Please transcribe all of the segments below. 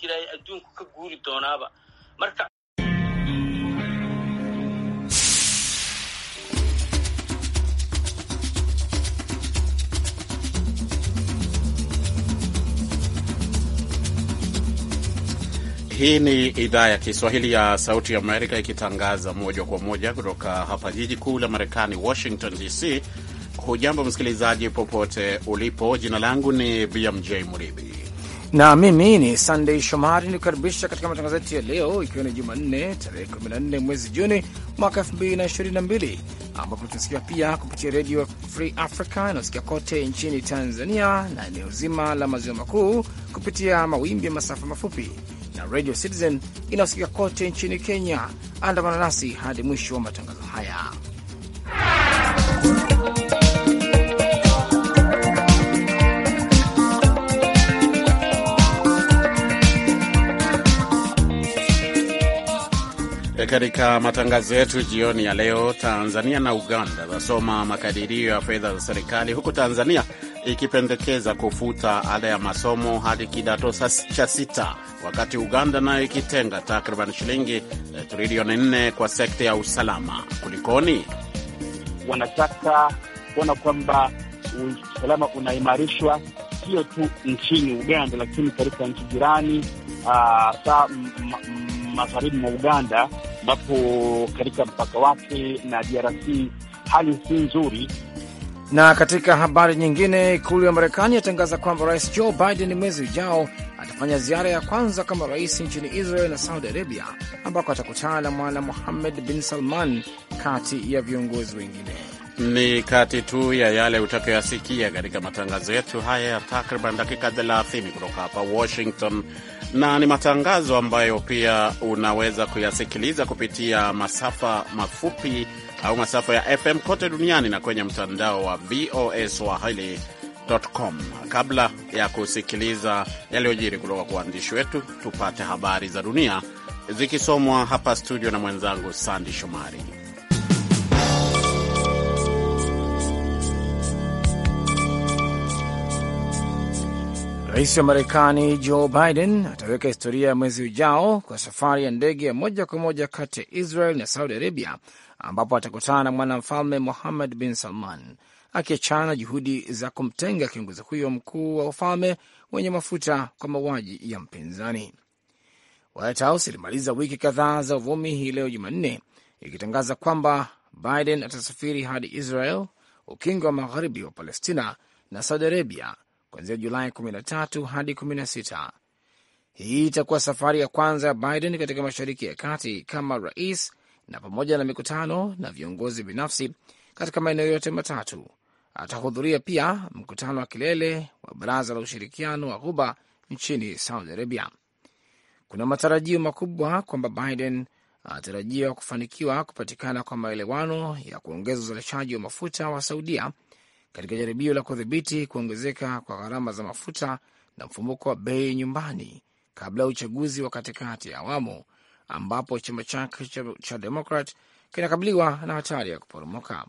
jiray adduunku ka guuri doonaaba marka Hii ni idhaa ya Kiswahili ya Sauti Amerika ikitangaza moja kwa moja kutoka hapa jiji kuu la Marekani, Washington DC. Hujambo msikilizaji, popote ulipo. Jina langu ni BMJ Murithi na mimi ni Sunday Shomari nikukaribisha katika matangazo yetu ya leo, ikiwa ni Jumanne tarehe 14 mwezi Juni mwaka 2022 ambapo tunasikia pia kupitia redio Free Africa inaosikia kote nchini Tanzania na eneo zima la maziwa makuu kupitia mawimbi ya masafa mafupi na Radio Citizen inayosikika kote nchini Kenya. Andamana nasi hadi mwisho wa matangazo haya. katika matangazo yetu jioni ya leo, Tanzania na Uganda zasoma makadirio ya fedha za serikali, huku Tanzania ikipendekeza kufuta ada ya masomo hadi kidato cha sita, wakati Uganda nayo ikitenga takriban shilingi eh, trilioni nne kwa sekta ya usalama. Kulikoni? Wanataka kuona kwamba usalama unaimarishwa sio tu nchini Uganda, lakini katika nchi jirani, uh, ah, saa magharibi mwa Uganda ambapo katika mpaka wake na DRC hali si nzuri. Na katika habari nyingine, ikulu ya Marekani yatangaza kwamba rais Joe Biden mwezi ujao atafanya ziara ya kwanza kama rais nchini Israel na Saudi Arabia, ambako atakutana na Mwana Muhammed bin Salman kati ya viongozi wengine. Ni kati tu ya yale utakayoyasikia katika matangazo yetu haya ya takriban dakika 30 kutoka hapa Washington, na ni matangazo ambayo pia unaweza kuyasikiliza kupitia masafa mafupi au masafa ya FM kote duniani na kwenye mtandao wa VOA Swahili.com. Kabla ya kusikiliza yaliyojiri kutoka kwa waandishi wetu, tupate habari za dunia zikisomwa hapa studio na mwenzangu Sandi Shomari. Rais wa Marekani Joe Biden ataweka historia ya mwezi ujao kwa safari ya ndege ya moja kwa moja kati ya Israel na Saudi Arabia, ambapo atakutana na mwanamfalme muhamad bin Salman, akiachana juhudi za kumtenga kiongozi huyo mkuu wa ufalme wenye mafuta kwa mauaji ya mpinzani. White House ilimaliza wiki kadhaa za uvumi hii leo Jumanne ikitangaza kwamba Biden atasafiri hadi Israel, ukingo wa magharibi wa Palestina na Saudi Arabia kuanzia Julai 13 hadi 16. Hii itakuwa safari ya kwanza ya Biden katika Mashariki ya Kati kama rais, na pamoja na mikutano na viongozi binafsi katika maeneo yote matatu. Atahudhuria pia mkutano wa kilele wa Baraza la Ushirikiano wa Ghuba nchini Saudi Arabia. Kuna matarajio makubwa kwamba Biden anatarajiwa kufanikiwa kupatikana kwa maelewano ya kuongeza uzalishaji wa mafuta wa Saudia katika jaribio la kudhibiti kuongezeka kwa gharama za mafuta na mfumuko wa bei nyumbani kabla ya uchaguzi wa katikati ya awamu ambapo chama chake cha, cha Demokrat kinakabiliwa na hatari ya kuporomoka.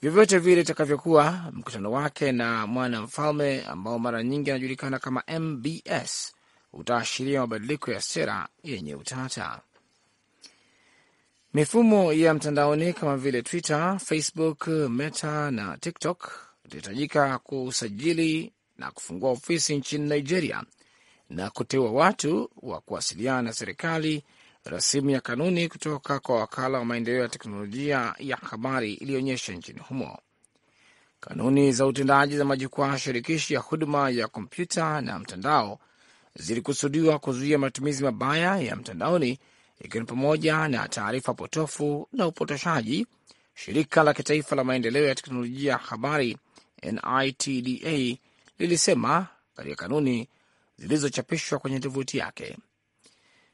Vyovyote vile itakavyokuwa, mkutano wake na mwana mfalme ambao mara nyingi anajulikana kama MBS utaashiria mabadiliko ya sera yenye utata. Mifumo ya mtandaoni kama vile Twitter, Facebook, Meta na TikTok itahitajika kusajili na kufungua ofisi nchini Nigeria na kuteua watu wa kuwasiliana na serikali, rasimu ya kanuni kutoka kwa wakala wa maendeleo ya teknolojia ya habari iliyoonyesha nchini humo. Kanuni za utendaji za majukwaa shirikishi ya huduma ya kompyuta na mtandao zilikusudiwa kuzuia matumizi mabaya ya mtandaoni ikiwa ni pamoja na taarifa potofu na upotoshaji. Shirika la kitaifa la maendeleo ya teknolojia ya habari NITDA lilisema katika kanuni zilizochapishwa kwenye tovuti yake.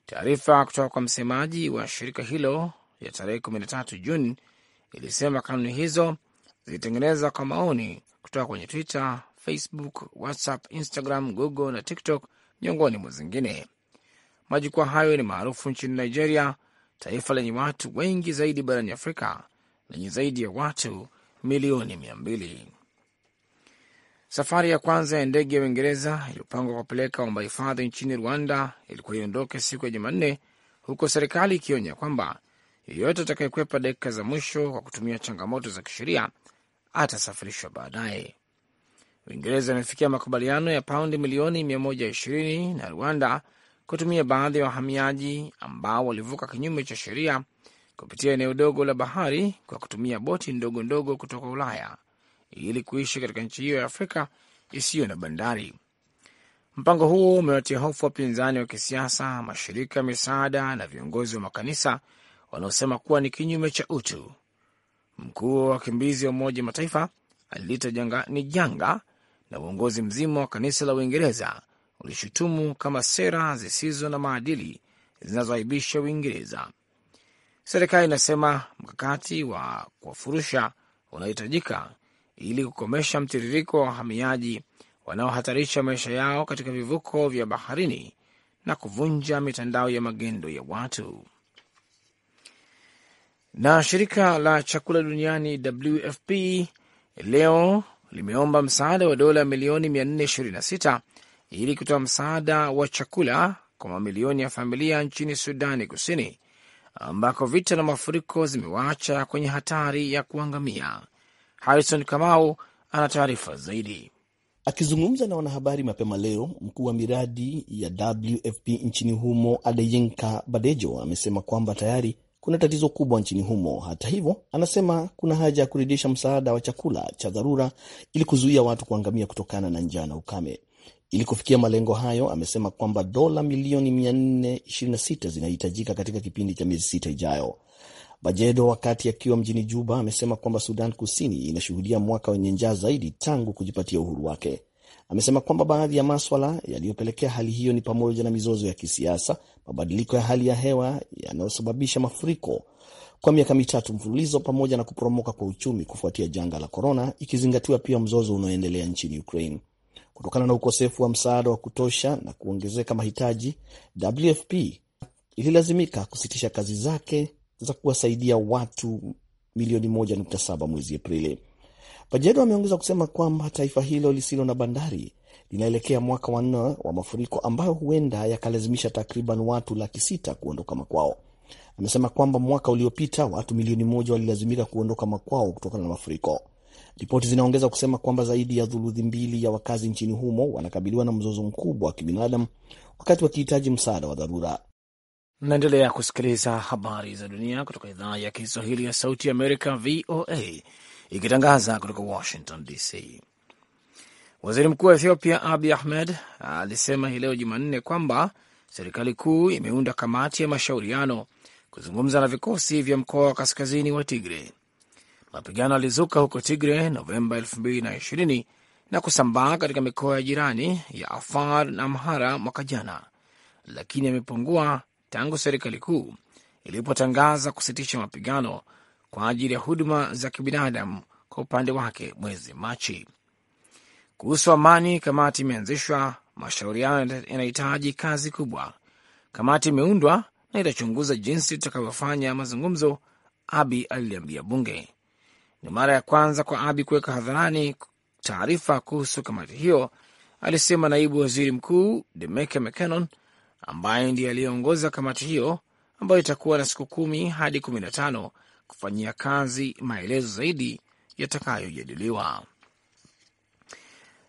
Taarifa kutoka kwa msemaji wa shirika hilo ya tarehe 13 Juni ilisema kanuni hizo zilitengeneza kwa maoni kutoka kwenye Twitter, Facebook, WhatsApp, Instagram, Google na TikTok miongoni mwa zingine. Majukwaa hayo ni maarufu nchini Nigeria, taifa lenye watu wengi zaidi barani Afrika lenye zaidi ya watu milioni mia mbili. Safari ya kwanza ya ndege ya Uingereza iliyopangwa kupeleka waomba hifadhi nchini Rwanda ilikuwa iondoke siku ya Jumanne, huku serikali ikionya kwamba yeyote atakayekwepa dakika za mwisho kwa kutumia changamoto za kisheria atasafirishwa baadaye. Uingereza imefikia makubaliano ya paundi milioni 120 na Rwanda kutumia baadhi ya wa wahamiaji ambao walivuka kinyume cha sheria kupitia eneo dogo la bahari kwa kutumia boti ndogo ndogo kutoka Ulaya ili kuishi katika nchi hiyo ya Afrika isiyo na bandari. Mpango huo umewatia hofu wapinzani wa kisiasa, mashirika ya misaada na viongozi wa makanisa wanaosema kuwa ni kinyume cha utu. Mkuu wa wakimbizi wa Umoja Mataifa aliita janga ni janga, na uongozi mzima wa kanisa la Uingereza ulishutumu kama sera zisizo na maadili zinazoaibisha Uingereza. Serikali inasema mkakati wa kuwafurusha unahitajika ili kukomesha mtiririko wa wahamiaji wanaohatarisha maisha yao katika vivuko vya baharini na kuvunja mitandao ya magendo ya watu. Na shirika la chakula duniani WFP leo limeomba msaada wa dola milioni 426 ili kutoa msaada wa chakula kwa mamilioni ya familia nchini Sudani Kusini, ambako vita na mafuriko zimewaacha kwenye hatari ya kuangamia. Harrison Kamau ana taarifa zaidi. Akizungumza na wanahabari mapema leo, mkuu wa miradi ya WFP nchini humo Adeyinka Badejo amesema kwamba tayari kuna tatizo kubwa nchini humo. Hata hivyo, anasema kuna haja ya kurejesha msaada wa chakula cha dharura ili kuzuia watu kuangamia kutokana na njaa na ukame. Ili kufikia malengo hayo, amesema kwamba dola milioni 426 zinahitajika katika kipindi cha miezi sita ijayo. Bajedo wakati akiwa mjini Juba amesema kwamba Sudan Kusini inashuhudia mwaka wenye njaa zaidi tangu kujipatia uhuru wake. Amesema kwamba baadhi ya maswala yaliyopelekea hali hiyo ni pamoja na mizozo ya kisiasa, mabadiliko ya hali ya hewa yanayosababisha mafuriko kwa miaka mitatu mfululizo, pamoja na kuporomoka kwa uchumi kufuatia janga la korona, ikizingatiwa pia mzozo unaoendelea nchini Ukraine. Kutokana na ukosefu wa msaada wa kutosha na kuongezeka mahitaji, WFP ililazimika kusitisha kazi zake za kuwasaidia watu milioni 1.7 mwezi Aprili. Pajedo ameongeza kusema kwamba taifa hilo lisilo na bandari linaelekea mwaka wa nne wa mafuriko ambayo huenda yakalazimisha takriban watu laki sita kuondoka makwao. Amesema kwamba mwaka uliopita watu milioni moja walilazimika kuondoka makwao kutokana na mafuriko. Ripoti zinaongeza kusema kwamba zaidi ya thuluthi mbili ya wakazi nchini humo wanakabiliwa na mzozo mkubwa wa kibinadamu wakati wakihitaji msaada wa dharura. Mnaendelea kusikiliza habari za dunia kutoka idhaa ya Kiswahili ya Sauti ya Amerika, VOA, ikitangaza kutoka Washington DC. Waziri Mkuu wa Ethiopia abi Ahmed alisema hii leo Jumanne kwamba serikali kuu imeunda kamati ya mashauriano kuzungumza na vikosi vya mkoa wa kaskazini wa Tigre Mapigano yalizuka huko Tigre Novemba 2020 na kusambaa katika mikoa ya jirani ya Afar na Amhara mwaka jana, lakini yamepungua tangu serikali kuu ilipotangaza kusitisha mapigano kwa ajili ya huduma za kibinadamu kwa upande wake mwezi Machi. Kuhusu amani, kamati imeanzishwa. Mashauriano yanahitaji kazi kubwa. Kamati imeundwa na itachunguza jinsi tutakavyofanya mazungumzo, Abi aliliambia bunge. Ni mara ya kwanza kwa Abi kuweka hadharani taarifa kuhusu kamati hiyo, alisema naibu waziri mkuu Demeke Mekonnen ambaye ndiye aliyeongoza kamati hiyo ambayo itakuwa na siku kumi hadi kumi na tano kufanyia kazi maelezo zaidi yatakayojadiliwa.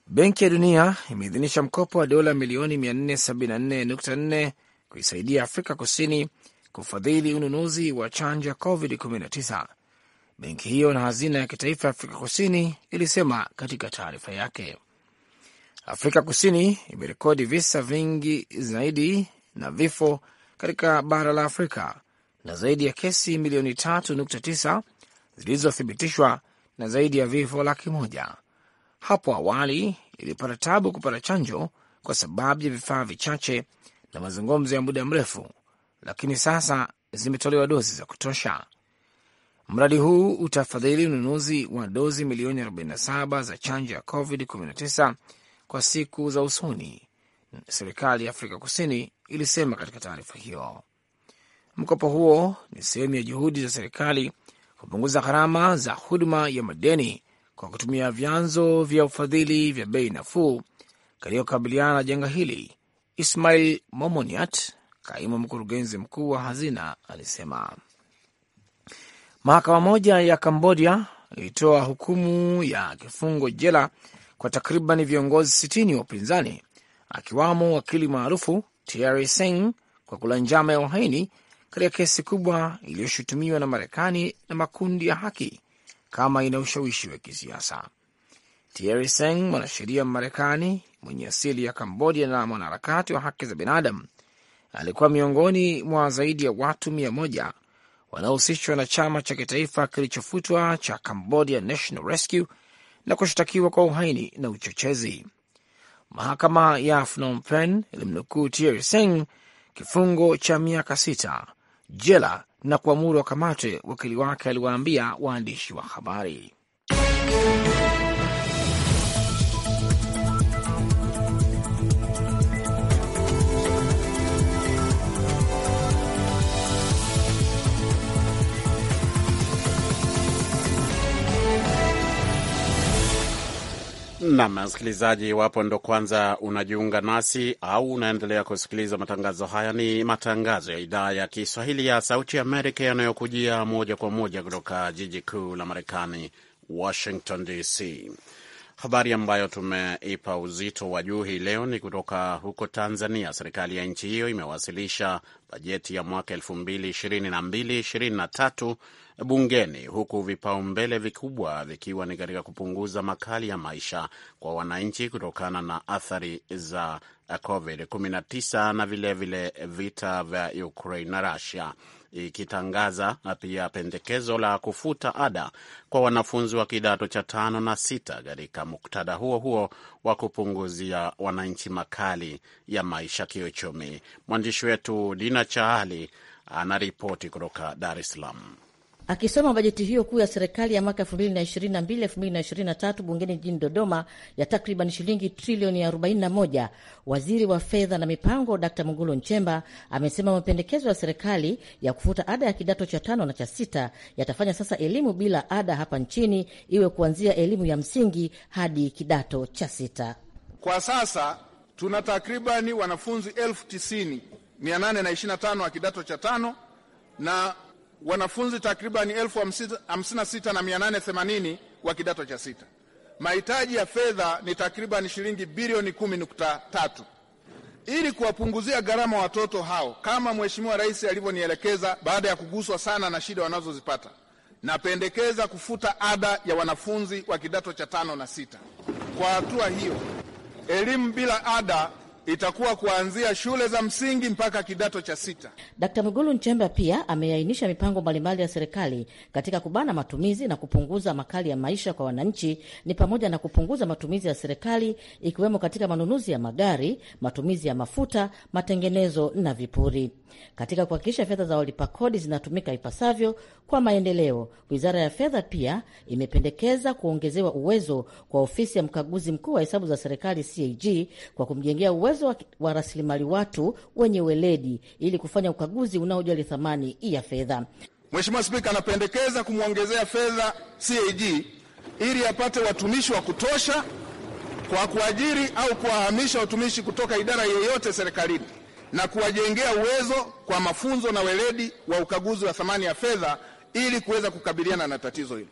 Benki ya Dunia imeidhinisha mkopo wa dola milioni 474.4 kuisaidia Afrika Kusini kufadhili ununuzi wa chanjo ya COVID-19 benki hiyo na hazina ya kitaifa ya Afrika Kusini ilisema katika taarifa yake. Afrika Kusini imerekodi visa vingi zaidi na vifo katika bara la Afrika na zaidi ya kesi milioni 3.9 zilizothibitishwa na zaidi ya vifo laki moja. Hapo awali ilipata tabu kupata chanjo kwa sababu ya vifaa vichache na mazungumzo ya muda mrefu, lakini sasa zimetolewa dozi za kutosha. Mradi huu utafadhili ununuzi wa dozi milioni 47 za chanjo ya COVID-19 kwa siku za usoni, serikali ya Afrika Kusini ilisema katika taarifa hiyo. Mkopo huo ni sehemu ya juhudi za serikali kupunguza gharama za huduma ya madeni kwa kutumia vyanzo vya ufadhili vya bei nafuu katika kukabiliana na janga hili. Ismail Momoniat, kaimu mkurugenzi mkuu wa hazina, alisema Mahakama moja ya Kambodia ilitoa hukumu ya kifungo jela kwa takriban viongozi sitini wa upinzani akiwamo wakili maarufu Thierry Seng kwa kula njama ya uhaini katika kesi kubwa iliyoshutumiwa na Marekani na makundi ya haki kama ina ushawishi wa kisiasa. Thierry Seng, mwanasheria marekani mwenye asili ya Kambodia na mwanaharakati wa haki za binadamu, alikuwa miongoni mwa zaidi ya watu mia moja wanaohusishwa na chama cha kitaifa kilichofutwa cha Cambodia National Rescue na kushtakiwa kwa uhaini na uchochezi. Mahakama ya Phnom Penh ilimnukuu Tier Seng kifungo cha miaka sita jela na kuamuru wakamate, wakili wake aliwaambia waandishi wa habari. Nam msikilizaji, iwapo ndo kwanza unajiunga nasi au unaendelea kusikiliza matangazo haya, ni matangazo ya idhaa ya Kiswahili ya Sauti Amerika yanayokujia moja kwa moja kutoka jiji kuu la Marekani, Washington DC. Habari ambayo tumeipa uzito wa juu hii leo ni kutoka huko Tanzania. Serikali ya nchi hiyo imewasilisha bajeti ya mwaka 2022/2023 bungeni, huku vipaumbele vikubwa vikiwa ni katika kupunguza makali ya maisha kwa wananchi kutokana na athari za COVID-19 na vilevile vile vita vya Ukraine na Russia ikitangaza pia pendekezo la kufuta ada kwa wanafunzi wa kidato cha tano na sita katika muktadha huo huo wa kupunguzia wananchi makali ya maisha kiuchumi. Mwandishi wetu Dina Chahali anaripoti kutoka Dar es Salaam. Akisoma bajeti hiyo kuu ya serikali ya mwaka 2022 2023 bungeni jijini Dodoma ya takriban shilingi trilioni 41, waziri wa fedha na mipango Dkt Mungulu Nchemba amesema mapendekezo ya serikali ya kufuta ada ya kidato cha tano na cha sita yatafanya sasa elimu bila ada hapa nchini iwe kuanzia elimu ya msingi hadi kidato cha sita. Kwa sasa tuna takribani wanafunzi elfu tisini mia nane na na tano wa kidato cha tano na wanafunzi takribani elfu hamsini na sita na mia nane themanini wa kidato cha sita. Mahitaji ya fedha ni takribani shilingi bilioni kumi nukta tatu. Ili kuwapunguzia gharama watoto hao, kama Mheshimiwa Rais alivyonielekeza, baada ya kuguswa sana na shida wanazozipata, napendekeza kufuta ada ya wanafunzi wa kidato cha tano na sita. Kwa hatua hiyo, elimu bila ada itakuwa kuanzia shule za msingi mpaka kidato cha sita. Dkt. Mwigulu Nchemba pia ameainisha mipango mbalimbali ya serikali katika kubana matumizi na kupunguza makali ya maisha kwa wananchi, ni pamoja na kupunguza matumizi ya serikali ikiwemo katika manunuzi ya magari, matumizi ya mafuta, matengenezo na vipuri. Katika kuhakikisha fedha za walipa kodi zinatumika ipasavyo kwa maendeleo, Wizara ya Fedha pia imependekeza kuongezewa uwezo kwa ofisi ya mkaguzi mkuu wa hesabu za serikali CAG kwa kumjengea uwezo uwezo wa, wa rasilimali watu wenye weledi ili kufanya ukaguzi unaojali thamani ya fedha. Mheshimiwa Spika, anapendekeza kumwongezea fedha CAG ili apate watumishi wa kutosha kwa kuajiri au kuwahamisha watumishi kutoka idara yoyote serikalini na kuwajengea uwezo kwa mafunzo na weledi wa ukaguzi wa thamani ya fedha ili kuweza kukabiliana na tatizo hilo.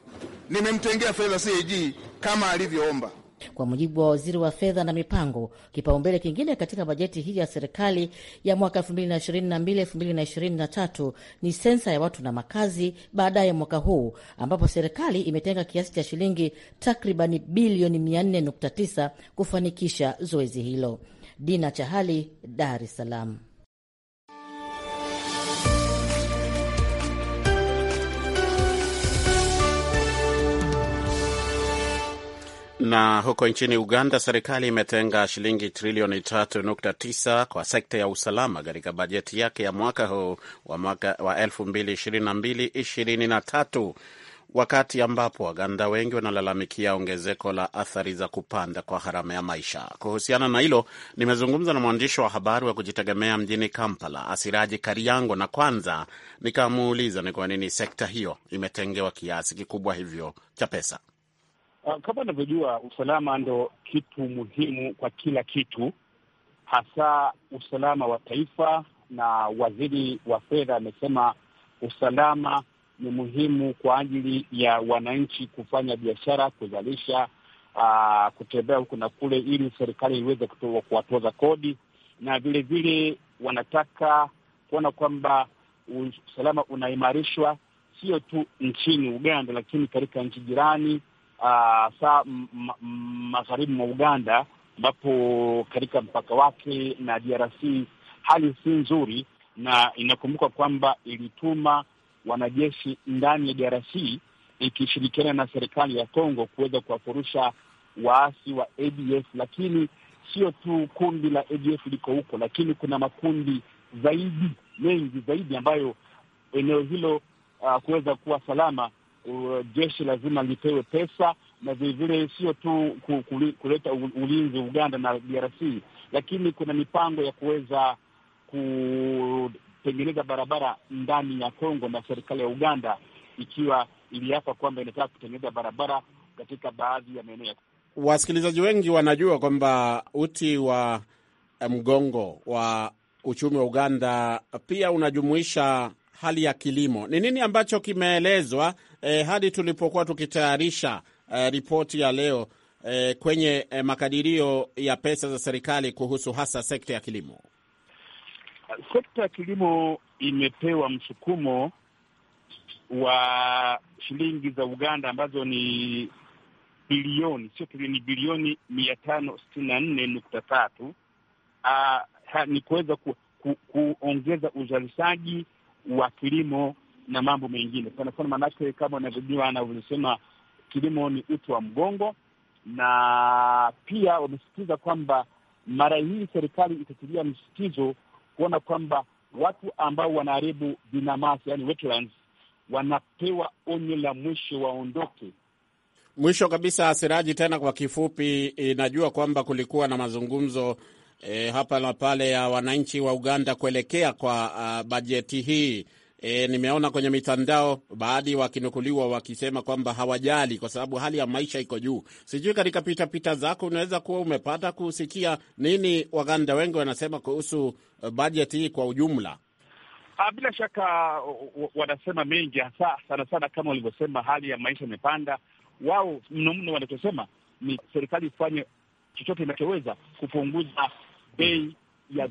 Nimemtengea fedha CAG kama alivyoomba. Kwa mujibu wa waziri wa fedha na mipango, kipaumbele kingine katika bajeti hii ya serikali ya mwaka 2022/2023 ni sensa ya watu na makazi baadaye mwaka huu, ambapo serikali imetenga kiasi cha shilingi takribani bilioni 400.9 kufanikisha zoezi hilo. Dina Chahali, Dar es Salaam. Na huko nchini Uganda, serikali imetenga shilingi trilioni 3.9 kwa sekta ya usalama katika bajeti yake ya mwaka huu wa mwaka wa 2022/2023 wakati ambapo Waganda wengi wanalalamikia ongezeko la athari za kupanda kwa gharama ya maisha. Kuhusiana na hilo, nimezungumza na mwandishi wa habari wa kujitegemea mjini Kampala, Asiraji Kariango, na kwanza nikamuuliza ni kwa nini sekta hiyo imetengewa kiasi kikubwa hivyo cha pesa. Uh, kama unavyojua usalama ndo kitu muhimu kwa kila kitu, hasa usalama wa taifa, na waziri wa fedha amesema usalama ni muhimu kwa ajili ya wananchi kufanya biashara, kuzalisha, uh, kutembea huku na kule, ili serikali iweze kuwatoza kodi, na vilevile wanataka kuona kwamba usalama unaimarishwa sio tu nchini Uganda, lakini katika nchi jirani hasa ah, magharibi mwa Uganda, ambapo katika mpaka wake na DRC hali si nzuri, na inakumbuka kwamba ilituma wanajeshi ndani ya DRC ikishirikiana na serikali ya Congo kuweza kuwafurusha waasi wa ADF. Lakini sio tu kundi la ADF liko huko, lakini kuna makundi zaidi mengi zaidi ambayo eneo hilo uh, kuweza kuwa salama uh, jeshi lazima lipewe pesa na vilevile sio tu kuleta ulinzi Uganda na DRC, lakini kuna mipango ya kuweza kutengeneza barabara ndani ya Kongo, na serikali ya Uganda ikiwa iliapa kwamba inataka kutengeneza barabara katika baadhi ya maeneo. Wasikilizaji wengi wanajua kwamba uti wa eh, mgongo wa uchumi wa Uganda pia unajumuisha hali ya kilimo, ni nini ambacho kimeelezwa eh, hadi tulipokuwa tukitayarisha eh, ripoti ya leo eh, kwenye eh, makadirio ya pesa za serikali kuhusu hasa sekta ya kilimo? Sekta ya kilimo imepewa msukumo wa shilingi za Uganda ambazo ni bilioni sio trilioni, bilioni mia tano sitini na nne nukta tatu ah, ni kuweza kuongeza ku, kuongeza uzalishaji wa kilimo na mambo mengine. Kwa mfano, maanake kama unavyojua anavyosema, kilimo ni uti wa mgongo, na pia wamesikiza kwamba mara hii serikali itatilia msikizo kuona kwamba watu ambao wanaharibu vinamasi, yani wetlands, wanapewa onyo la mwisho waondoke. Mwisho kabisa, Siraji, tena kwa kifupi, inajua kwamba kulikuwa na mazungumzo e, hapa na pale ya wananchi wa Uganda kuelekea kwa uh, bajeti hii. E, nimeona kwenye mitandao baadhi wakinukuliwa wakisema kwamba hawajali kwa sababu hali ya maisha iko juu. Sijui katika pitapita zako unaweza kuwa umepata kusikia nini Waganda wengi wanasema kuhusu e, bajeti hii kwa ujumla. Ah, bila shaka wanasema mengi, hasa sana sana kama walivyosema, hali ya maisha imepanda. Wao mnomno wanachosema ni serikali ifanye chochote inachoweza kupunguza bei mm-hmm. ya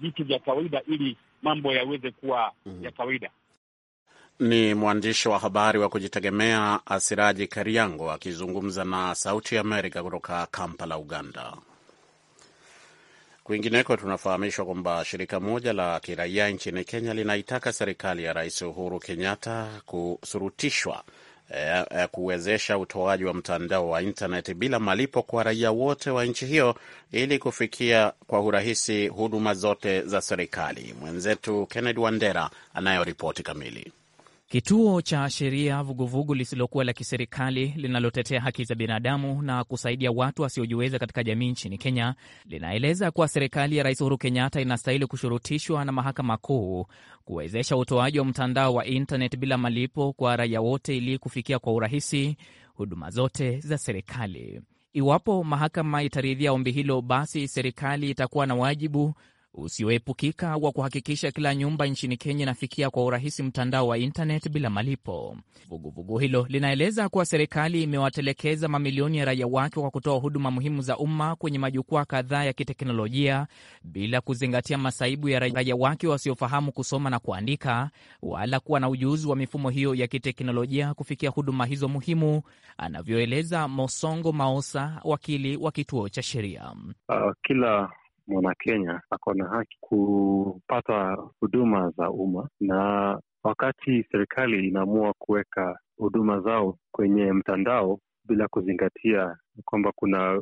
vitu vya kawaida ili mambo yaweze kuwa mm-hmm. ya kawaida. Ni mwandishi wa habari wa kujitegemea Asiraji Kariango akizungumza na Sauti ya Amerika kutoka Kampala, Uganda. Kwingineko tunafahamishwa kwamba shirika moja la kiraia nchini Kenya linaitaka serikali ya Rais Uhuru Kenyatta kusurutishwa Eh, eh, kuwezesha utoaji wa mtandao wa intaneti bila malipo kwa raia wote wa nchi hiyo ili kufikia kwa urahisi huduma zote za serikali. Mwenzetu Kennedy Wandera anayo ripoti kamili. Kituo cha sheria vuguvugu lisilokuwa la kiserikali linalotetea haki za binadamu na kusaidia watu wasiojiweza katika jamii nchini Kenya linaeleza kuwa serikali ya Rais Uhuru Kenyatta inastahili kushurutishwa na Mahakama Kuu kuwezesha utoaji wa mtandao wa intnet bila malipo kwa raia wote ili kufikia kwa urahisi huduma zote za serikali. Iwapo mahakama itaridhia ombi hilo, basi serikali itakuwa na wajibu usioepukika wa kuhakikisha kila nyumba nchini Kenya inafikia kwa urahisi mtandao wa intanet bila malipo. Vuguvugu hilo linaeleza kuwa serikali imewatelekeza mamilioni ya raia wake kwa kutoa huduma muhimu za umma kwenye majukwaa kadhaa ya kiteknolojia bila kuzingatia masaibu ya raia wake wasiofahamu kusoma na kuandika wala kuwa na ujuzi wa mifumo hiyo ya kiteknolojia kufikia huduma hizo muhimu, anavyoeleza Mosongo Maosa, wakili wa kituo cha sheria. Uh, kila mwanakenya ako na haki kupata huduma za umma, na wakati serikali inaamua kuweka huduma zao kwenye mtandao bila kuzingatia kwamba kuna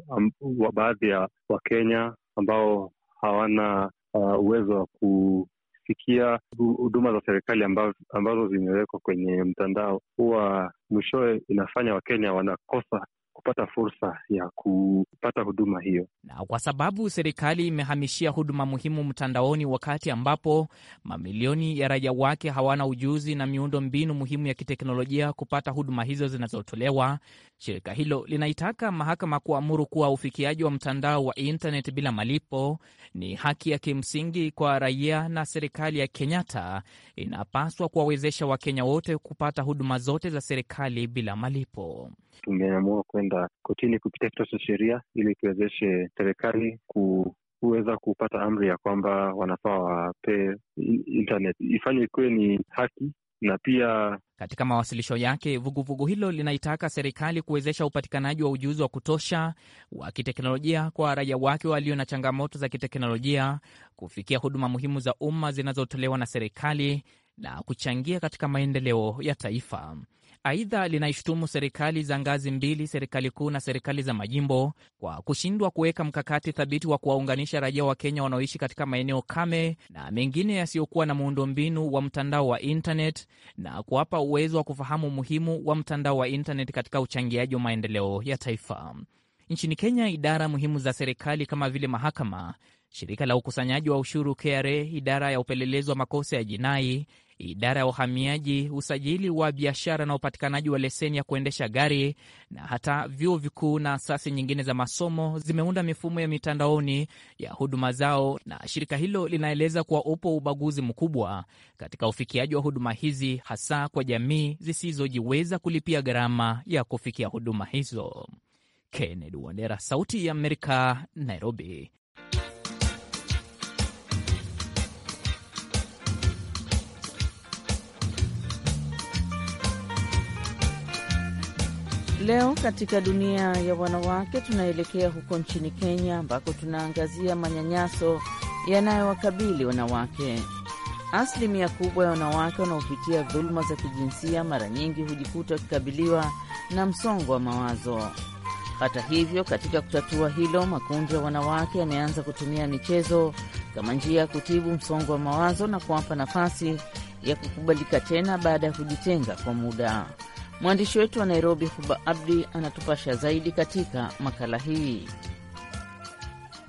baadhi ya Wakenya ambao hawana uh, uwezo wa kufikia huduma za serikali ambazo, zimewekwa kwenye mtandao, huwa mwishoe inafanya Wakenya wanakosa kupata fursa ya kupata huduma hiyo. Na kwa sababu serikali imehamishia huduma muhimu mtandaoni, wakati ambapo mamilioni ya raia wake hawana ujuzi na miundo mbinu muhimu ya kiteknolojia kupata huduma hizo zinazotolewa, shirika hilo linaitaka mahakama kuamuru kuwa ufikiaji wa mtandao wa intaneti bila malipo ni haki ya kimsingi kwa raia, na serikali ya Kenyatta inapaswa kuwawezesha Wakenya wote kupata huduma zote za serikali bila malipo tumeamua kwenda kotini kupitia kitabu cha sheria ili tuwezeshe serikali ku kuweza kupata amri ya kwamba wanafaa wapee internet ifanywe ikuwe ni haki na pia katika mawasilisho yake vuguvugu vugu hilo linaitaka serikali kuwezesha upatikanaji wa ujuzi wa kutosha wa kiteknolojia kwa raia wake walio na changamoto za kiteknolojia kufikia huduma muhimu za umma zinazotolewa na serikali na kuchangia katika maendeleo ya taifa. Aidha, linaishutumu serikali za ngazi mbili, serikali kuu na serikali za majimbo kwa kushindwa kuweka mkakati thabiti wa kuwaunganisha raia wa Kenya wanaoishi katika maeneo kame na mengine yasiyokuwa na muundombinu wa mtandao wa intanet na kuwapa uwezo wa kufahamu umuhimu wa mtandao wa intanet katika uchangiaji wa maendeleo ya taifa. Nchini Kenya, idara muhimu za serikali kama vile mahakama shirika la ukusanyaji wa ushuru KRA, idara ya upelelezi wa makosa ya jinai, idara ya uhamiaji, usajili wa biashara na upatikanaji wa leseni ya kuendesha gari, na hata vyuo vikuu na asasi nyingine za masomo zimeunda mifumo ya mitandaoni ya huduma zao, na shirika hilo linaeleza kuwa upo ubaguzi mkubwa katika ufikiaji wa huduma hizi, hasa kwa jamii zisizojiweza kulipia gharama ya kufikia huduma hizo. Kennedy Wandera, Sauti ya Amerika, Nairobi. Leo katika dunia ya wanawake tunaelekea huko nchini Kenya ambako tunaangazia manyanyaso yanayowakabili wanawake. Asilimia kubwa ya wanawake wanaopitia dhuluma za kijinsia mara nyingi hujikuta wakikabiliwa na msongo wa mawazo. Hata hivyo, katika kutatua hilo, makundi ya wanawake yameanza kutumia michezo kama njia ya kutibu msongo wa mawazo na kuwapa nafasi ya kukubalika tena baada ya kujitenga kwa muda. Mwandishi wetu wa Nairobi, Huba Abdi, anatupasha zaidi katika makala hii.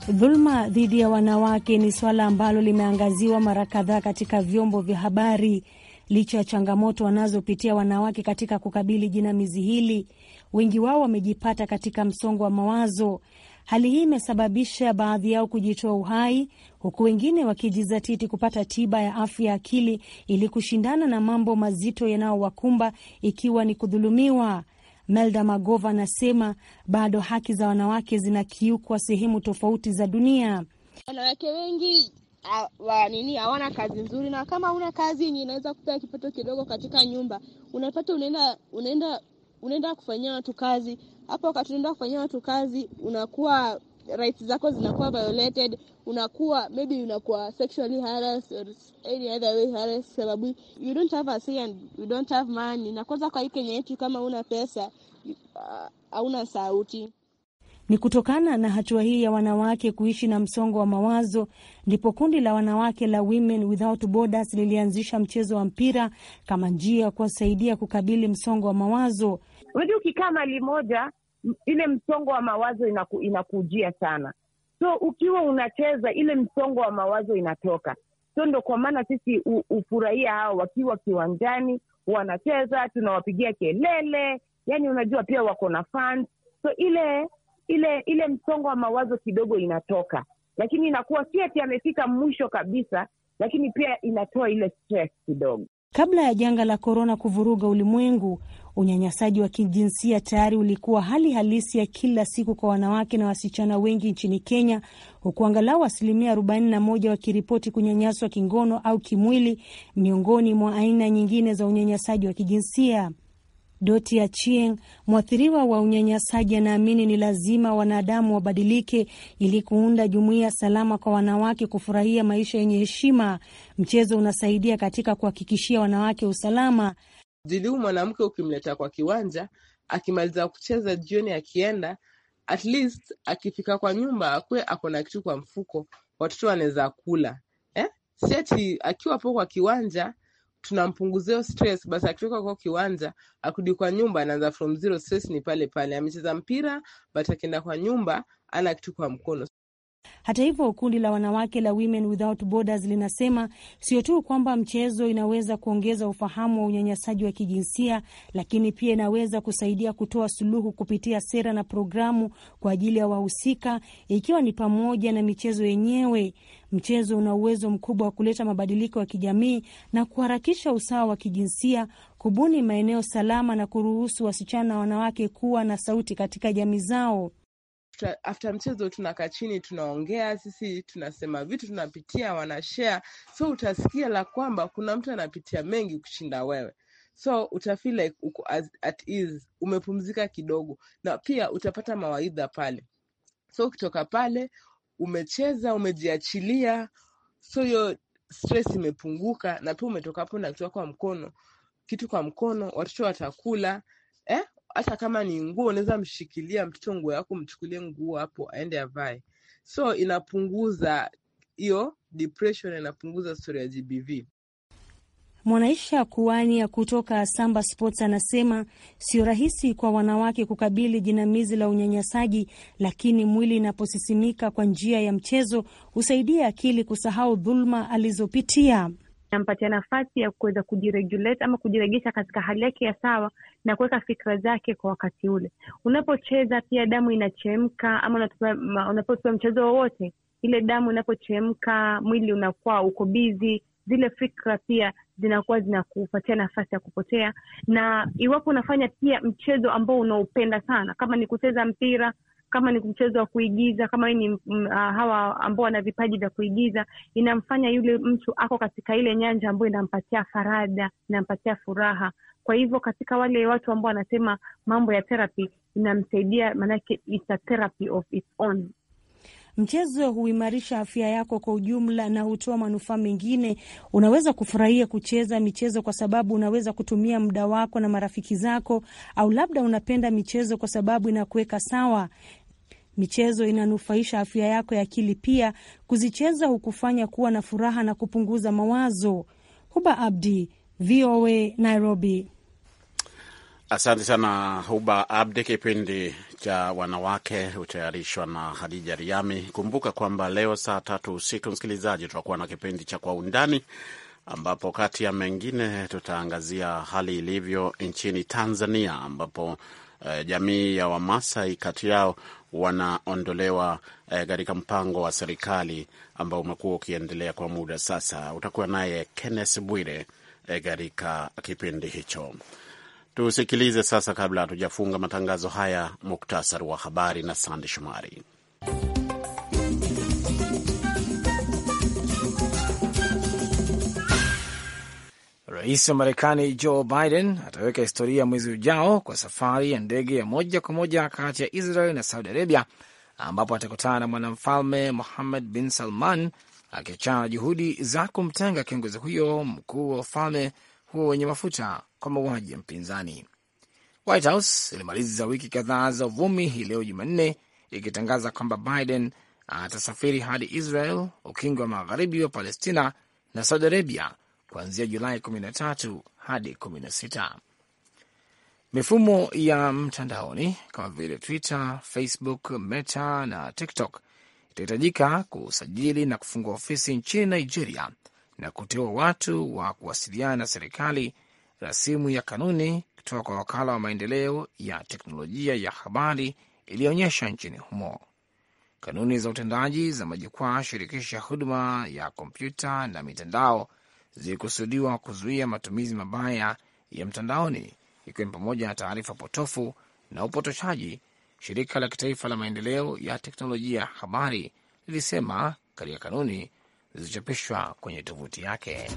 Dhuluma dhidi ya wanawake ni suala ambalo limeangaziwa mara kadhaa katika vyombo vya habari. Licha ya changamoto wanazopitia wanawake katika kukabili jinamizi hili, wengi wao wamejipata katika msongo wa mawazo Hali hii imesababisha baadhi yao kujitoa uhai, huku wengine wakijizatiti kupata tiba ya afya ya akili ili kushindana na mambo mazito yanayowakumba ikiwa ni kudhulumiwa. Melda Magova anasema bado haki za wanawake zinakiukwa sehemu tofauti za dunia. Wanawake wengi wanini nini hawana kazi nzuri, na kama una kazi yenye inaweza kupea kipato kidogo katika nyumba, unapata unaenda unaenda unaenda kufanyia watu kazi, hapo wakati unaenda kufanyia watu kazi, unakuwa rights zako zinakuwa violated, unakuwa maybe unakuwa sexually harassed or any other way harassed, sababu you don't have a say and you don't have money. Na kwanza kwa hii Kenya yetu, kama una pesa uh, hauna uh, sauti. Ni kutokana na hatua hii ya wanawake kuishi na msongo wa mawazo ndipo kundi la wanawake la Women Without Borders lilianzisha mchezo wa mpira kama njia ya kuwasaidia kukabili msongo wa mawazo. Unajua, ukikaa mali moja, ile msongo wa mawazo inaku, inakujia sana. So ukiwa unacheza, ile msongo wa mawazo inatoka. So ndo kwa maana sisi hufurahia hao wakiwa kiwanjani wanacheza, tunawapigia kelele, yani unajua pia wako na fans, so ile ile ile msongo wa mawazo kidogo inatoka, lakini inakuwa si ati amefika mwisho kabisa, lakini pia inatoa ile stress kidogo. Kabla ya janga la korona kuvuruga ulimwengu, unyanyasaji wa kijinsia tayari ulikuwa hali halisi ya kila siku kwa wanawake na wasichana wengi nchini Kenya, huku angalau asilimia 41 wakiripoti kunyanyaswa kingono au kimwili, miongoni mwa aina nyingine za unyanyasaji wa kijinsia. Doti Achieng, mwathiriwa wa unyanyasaji, anaamini ni lazima wanadamu wabadilike ili kuunda jumuiya salama kwa wanawake kufurahia maisha yenye heshima. Mchezo unasaidia katika kuhakikishia wanawake usalama. Jiliu mwanamke ukimleta kwa kiwanja, akimaliza kucheza jioni, akienda at least, akifika kwa nyumba akwe ako na kitu kwa mfuko, watoto wanaweza kula eh? Siati akiwa po kwa kiwanja tunampunguzia stress. Basi akitoka kwa kiwanja akudi kwa nyumba anaanza from zero, stress ni pale pale. Amecheza mpira but akienda kwa nyumba ana kitu kwa mkono. Hata hivyo, kundi la wanawake la Women Without Borders linasema sio tu kwamba mchezo inaweza kuongeza ufahamu wa unyanyasaji wa kijinsia, lakini pia inaweza kusaidia kutoa suluhu kupitia sera na programu kwa ajili ya wahusika, ikiwa ni pamoja na michezo yenyewe. Mchezo una uwezo mkubwa wa kuleta mabadiliko ya kijamii na kuharakisha usawa wa kijinsia, kubuni maeneo salama na kuruhusu wasichana na wanawake kuwa na sauti katika jamii zao tuna, after mchezo tunakaa chini tunaongea, sisi tunasema vitu tunapitia, wanashare. So utasikia la kwamba kuna mtu anapitia mengi kushinda wewe so utafil like uko at ease, umepumzika kidogo, na pia utapata mawaidha pale. So ukitoka pale umecheza, umejiachilia, so hiyo stress imepunguka, na pia umetoka hapo na kwa mkono, kitu kwa mkono, watoto watakula eh, hata kama ni nguo, unaweza mshikilia mtoto nguo yako, mchukulie nguo hapo aende avae. So inapunguza hiyo depression, inapunguza stori ya GBV. Mwanaisha Kuania kutoka Samba Sports anasema sio rahisi kwa wanawake kukabili jinamizi la unyanyasaji, lakini mwili inaposisimika kwa njia ya mchezo husaidia akili kusahau dhuluma alizopitia nampatia nafasi ya kuweza kujiregulate ama kujiregesha katika hali yake ya sawa na kuweka fikra zake kwa wakati ule. Unapocheza pia damu inachemka, ama unapopewa mchezo wowote, ile damu inapochemka, mwili unakuwa uko bizi, zile fikra pia zinakuwa zinakupatia nafasi ya kupotea. Na iwapo unafanya pia mchezo ambao unaupenda sana, kama ni kucheza mpira kama ni mchezo wa kuigiza, kama ni uh, hawa ambao wana vipaji vya kuigiza, inamfanya yule mtu ako katika ile nyanja ambayo inampatia faraja, inampatia furaha. Kwa hivyo katika wale watu ambao wanasema mambo ya therapy inamsaidia, maanake it's a therapy of its own. Mchezo huimarisha afya yako kwa ujumla na hutoa manufaa mengine. Unaweza kufurahia kucheza michezo kwa sababu unaweza kutumia muda wako na marafiki zako, au labda unapenda michezo kwa sababu inakuweka sawa. Michezo inanufaisha afya yako ya akili pia. Kuzicheza hukufanya kuwa na furaha na kupunguza mawazo. Huba Abdi, VOA Nairobi. Asante sana Huba Abdi. Kipindi cha wanawake hutayarishwa na Hadija Riami. Kumbuka kwamba leo saa tatu usiku, msikilizaji, tutakuwa na kipindi cha Kwa Undani, ambapo kati ya mengine tutaangazia hali ilivyo nchini Tanzania, ambapo eh, jamii ya Wamasai kati yao wanaondolewa eh, katika eh, mpango wa serikali ambao umekuwa ukiendelea kwa muda sasa. Utakuwa naye Kenneth Bwire eh, katika eh, kipindi hicho. Tusikilize sasa, kabla hatujafunga matangazo haya, muktasari wa habari na Sande Shomari. Rais wa Marekani Joe Biden ataweka historia mwezi ujao kwa safari ya ndege ya moja kwa moja kati ya Israel na Saudi Arabia, ambapo atakutana na mwanamfalme Muhammad bin Salman, akiachana na juhudi za kumtenga kiongozi huyo mkuu wa ufalme huo wenye mafuta kwa mauaji ya mpinzani. White House ilimaliza wiki kadhaa za uvumi hii leo Jumanne ikitangaza kwamba Biden atasafiri hadi Israel, ukingo wa magharibi wa Palestina na Saudi Arabia kuanzia Julai 13 hadi 16. Mifumo ya mtandaoni kama vile Twitter, Facebook, Meta na TikTok itahitajika kusajili na kufungua ofisi nchini Nigeria na kuteua watu wa kuwasiliana na serikali, rasimu ya kanuni kutoka kwa wakala wa maendeleo ya teknolojia ya habari iliyoonyesha nchini humo. Kanuni za utendaji za majukwaa shirikisha huduma ya kompyuta na mitandao zilikusudiwa kuzuia matumizi mabaya ya mtandaoni, ikiwa ni pamoja na taarifa potofu na upotoshaji. Shirika la kitaifa la maendeleo ya teknolojia habari lilisema katika kanuni zilizochapishwa kwenye tovuti yake.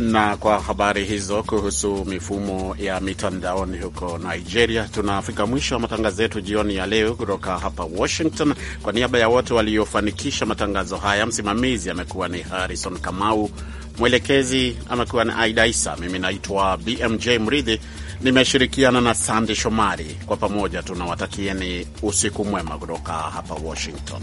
Na kwa habari hizo kuhusu mifumo ya mitandaoni huko Nigeria, tunafika mwisho wa matangazo yetu jioni ya leo kutoka hapa Washington. Kwa niaba ya wote waliofanikisha matangazo haya, msimamizi amekuwa ni Harrison Kamau, mwelekezi amekuwa ni Aida Isa, mimi naitwa BMJ Mridhi, nimeshirikiana na sandi Shomari. Kwa pamoja tunawatakieni usiku mwema kutoka hapa Washington.